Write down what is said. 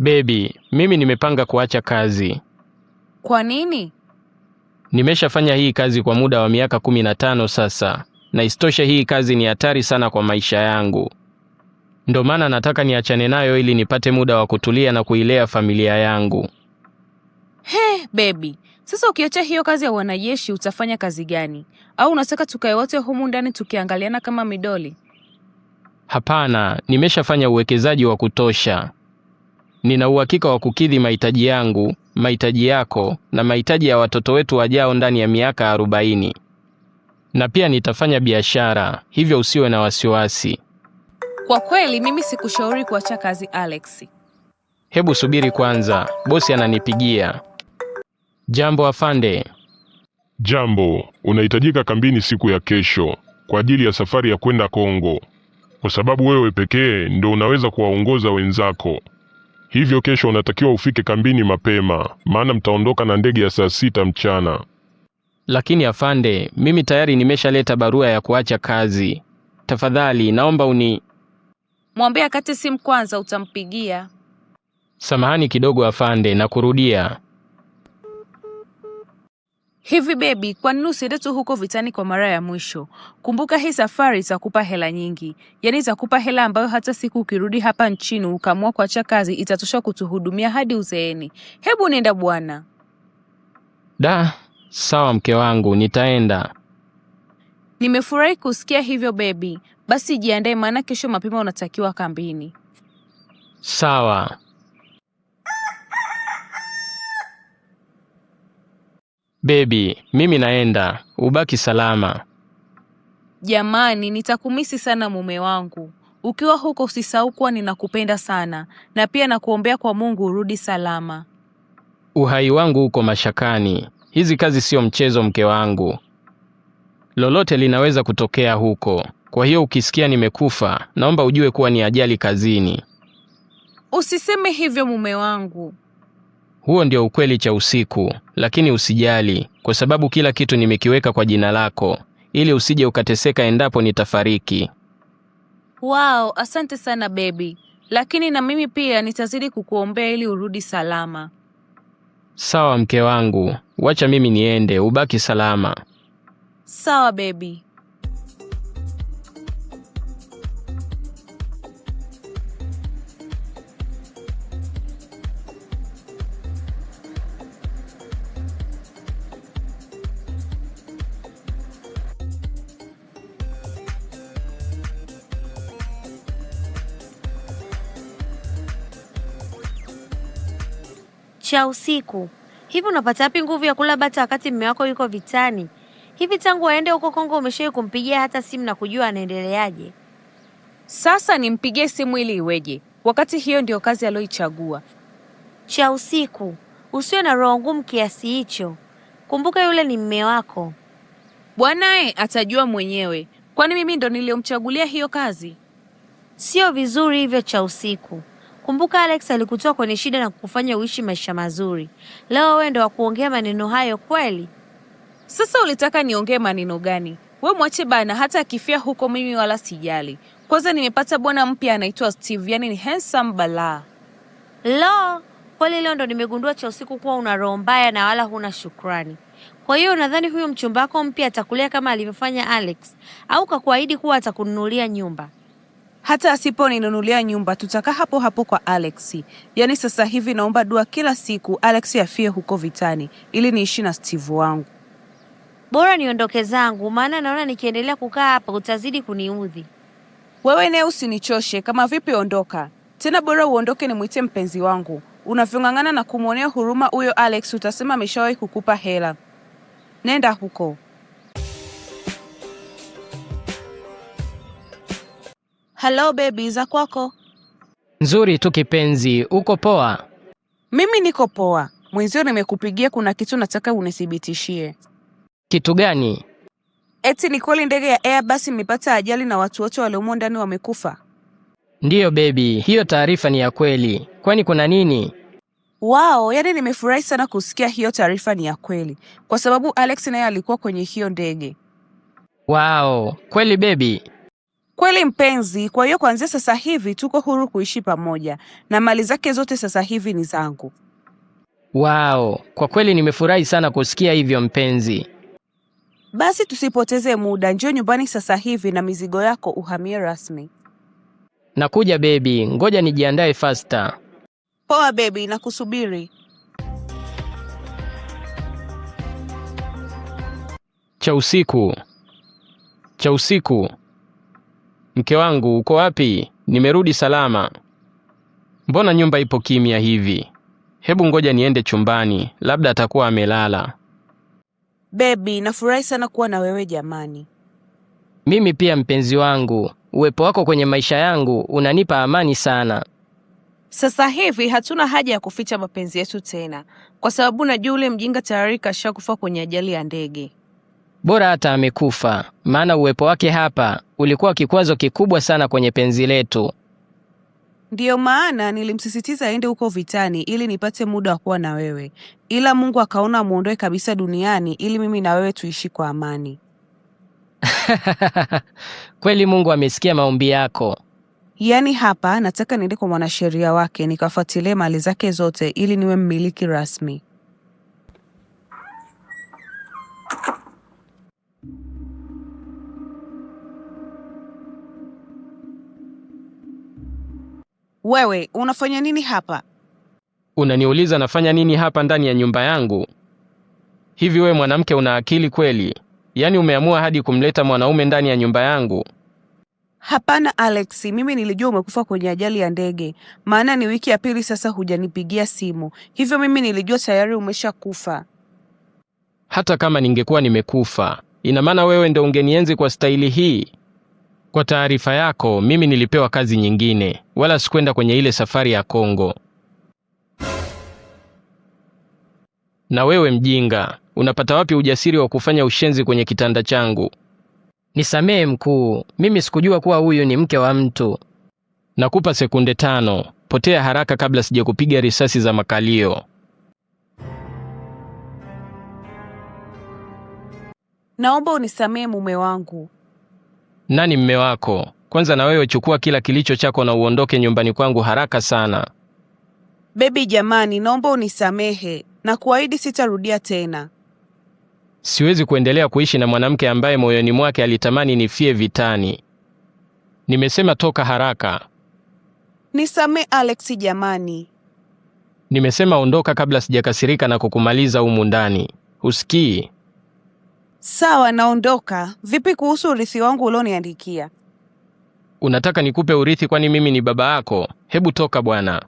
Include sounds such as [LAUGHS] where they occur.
Bebi, mimi nimepanga kuacha kazi. Kwa nini? Nimeshafanya hii kazi kwa muda wa miaka kumi na tano sasa, na isitoshe hii kazi ni hatari sana kwa maisha yangu. Ndo maana nataka niachane nayo ili nipate muda wa kutulia na kuilea familia yangu. He, bebi, sasa ukiacha hiyo kazi ya wanajeshi utafanya kazi gani? Au unataka tukae wote humu ndani tukiangaliana kama midoli? Hapana, nimeshafanya uwekezaji wa kutosha. Nina uhakika wa kukidhi mahitaji yangu, mahitaji yako na mahitaji ya watoto wetu wajao ndani ya miaka arobaini. Na pia nitafanya biashara, hivyo usiwe na wasiwasi. Kwa kweli mimi sikushauri kuacha kazi Alex. Hebu subiri kwanza, bosi ananipigia. Jambo afande. Jambo, unahitajika kambini siku ya kesho kwa ajili ya safari ya kwenda Kongo, kwa sababu wewe pekee ndio unaweza kuwaongoza wenzako. Hivyo kesho unatakiwa ufike kambini mapema, maana mtaondoka na ndege ya saa sita mchana. Lakini afande, mimi tayari nimeshaleta barua ya kuacha kazi. Tafadhali naomba uni... Mwambie akate simu kwanza, utampigia. Samahani kidogo afande, na kurudia Hivi bebi, kwa usiende tu huko vitani kwa mara ya mwisho. Kumbuka hii safari itakupa hela nyingi, yaani itakupa hela ambayo hata siku ukirudi hapa nchini ukaamua kuacha kazi itatosha kutuhudumia hadi uzeeni. Hebu nenda bwana. Da, sawa mke wangu, nitaenda. Nimefurahi kusikia hivyo bebi. Basi jiandae, maana kesho mapema unatakiwa kambini. Sawa. Bebi, mimi naenda, ubaki salama. Jamani, nitakumisi sana mume wangu. Ukiwa huko usisahau kuwa ninakupenda sana, na pia nakuombea kwa Mungu urudi salama. Uhai wangu uko mashakani, hizi kazi sio mchezo, mke wangu. Lolote linaweza kutokea huko, kwa hiyo ukisikia nimekufa, naomba ujue kuwa ni ajali kazini. Usiseme hivyo mume wangu. Huo ndio ukweli cha usiku, lakini usijali, kwa sababu kila kitu nimekiweka kwa jina lako, ili usije ukateseka endapo nitafariki. wao asante sana baby, lakini na mimi pia nitazidi kukuombea ili urudi salama. Sawa mke wangu, wacha mimi niende, ubaki salama. Sawa baby. cha usiku. Hivi unapata wapi nguvu ya kula bata wakati mume wako yuko vitani? Hivi tangu aende huko Kongo umeshawahi kumpigia hata simu na kujua anaendeleaje? Sasa nimpigie simu ili iweje, wakati hiyo ndio kazi aliyoichagua. Cha usiku, usiwe na roho ngumu kiasi hicho. Kumbuka yule ni mume wako. Bwanaye atajua mwenyewe, kwani mimi ndo niliyomchagulia hiyo kazi. Sio vizuri hivyo, cha usiku. Kumbuka Alex alikutoa kwenye shida na kukufanya uishi maisha mazuri. Leo wewe ndo wakuongea maneno hayo kweli? Sasa ulitaka niongee maneno gani? We mwache bana, hata akifia huko mimi wala sijali. Kwanza nimepata bwana mpya anaitwa Steve, yani ni handsome balaa. Lo, kweli leo ndo nimegundua cha usiku kuwa una roho mbaya na wala huna shukrani. Kwa hiyo nadhani huyo mchumba wako mpya atakulea kama alivyofanya Alex, au kakuahidi kuwa atakununulia nyumba? hata asiponinunulia nyumba tutakaa hapo hapo kwa Alex. Yaani sasa hivi naomba dua kila siku Alex afie huko vitani, ili niishi na Steve wangu. Bora niondoke zangu, maana naona nikiendelea kukaa hapa utazidi kuniudhi. Wewe ne, usinichoshe. Kama vipi, ondoka tena. Bora uondoke, nimwite mpenzi wangu. Unavyong'ang'ana na kumwonea huruma huyo Alex, utasema ameshawahi kukupa hela. Nenda huko. Hello baby, za kwako? Nzuri tu kipenzi, uko poa? Mimi niko poa. Mwenzio nimekupigia, kuna kitu nataka unithibitishie. Kitu gani? Eti ni kweli ndege ya Airbus imepata ajali na watu wote waliomo ndani wamekufa? Ndiyo baby, hiyo taarifa ni ya kweli. Kwani kuna nini? Wao, yani nimefurahi sana kusikia hiyo taarifa ni ya kweli, kwa sababu Alex naye alikuwa kwenye hiyo ndege. Wao, kweli baby? Kweli mpenzi, kwa hiyo kuanzia sasa hivi tuko huru kuishi pamoja na mali zake zote sasa hivi ni zangu. wao kwa kweli nimefurahi sana kusikia hivyo mpenzi. Basi tusipoteze muda, njoo nyumbani sasa hivi na mizigo yako uhamie rasmi. Nakuja bebi, ngoja nijiandae fasta. Poa bebi, nakusubiri. Cha usiku. Cha usiku mke wangu uko wapi? Nimerudi salama. Mbona nyumba ipo kimya hivi? Hebu ngoja niende chumbani, labda atakuwa amelala. Bebi, nafurahi sana kuwa na wewe jamani. Mimi pia mpenzi wangu, uwepo wako kwenye maisha yangu unanipa amani sana. Sasa hivi hatuna haja ya kuficha mapenzi yetu tena, kwa sababu najua ule mjinga tayari kashakufa kwenye ajali ya ndege bora hata amekufa, maana uwepo wake hapa ulikuwa kikwazo kikubwa sana kwenye penzi letu. Ndiyo maana nilimsisitiza aende huko vitani ili nipate muda wa kuwa na wewe, ila Mungu akaona muondoe kabisa duniani ili mimi na wewe tuishi kwa amani. [LAUGHS] Kweli Mungu amesikia maombi yako. Yaani hapa nataka niende kwa mwanasheria wake nikafuatilie mali zake zote ili niwe mmiliki rasmi. Wewe unafanya nini hapa? Unaniuliza nafanya nini hapa ndani ya nyumba yangu? Hivi we mwanamke una akili kweli? Yaani umeamua hadi kumleta mwanaume ndani ya nyumba yangu? Hapana Alex, mimi nilijua umekufa kwenye ajali ya ndege, maana ni wiki ya pili sasa hujanipigia simu, hivyo mimi nilijua tayari umeshakufa. Hata kama ningekuwa nimekufa, ina maana wewe ndio ungenienzi kwa staili hii? Kwa taarifa yako, mimi nilipewa kazi nyingine, wala sikwenda kwenye ile safari ya Kongo. Na wewe mjinga, unapata wapi ujasiri wa kufanya ushenzi kwenye kitanda changu? Nisamehe mkuu, mimi sikujua kuwa huyu ni mke wa mtu. Nakupa sekunde tano, potea haraka kabla sijakupiga risasi za makalio. Naomba unisamehe mume wangu, nani mme wako? Kwanza na wewe chukua kila kilicho chako na uondoke nyumbani kwangu haraka sana. Bebi jamani, naomba unisamehe na kuahidi sitarudia tena. Siwezi kuendelea kuishi na mwanamke ambaye moyoni mwake alitamani nifie vitani. Nimesema toka haraka. Nisamee Alex jamani. Nimesema ondoka kabla sijakasirika na kukumaliza humu ndani. Usikii? Sawa, naondoka. Vipi kuhusu urithi wangu ulioniandikia? Unataka nikupe urithi? Kwani mimi ni baba yako? Hebu toka bwana.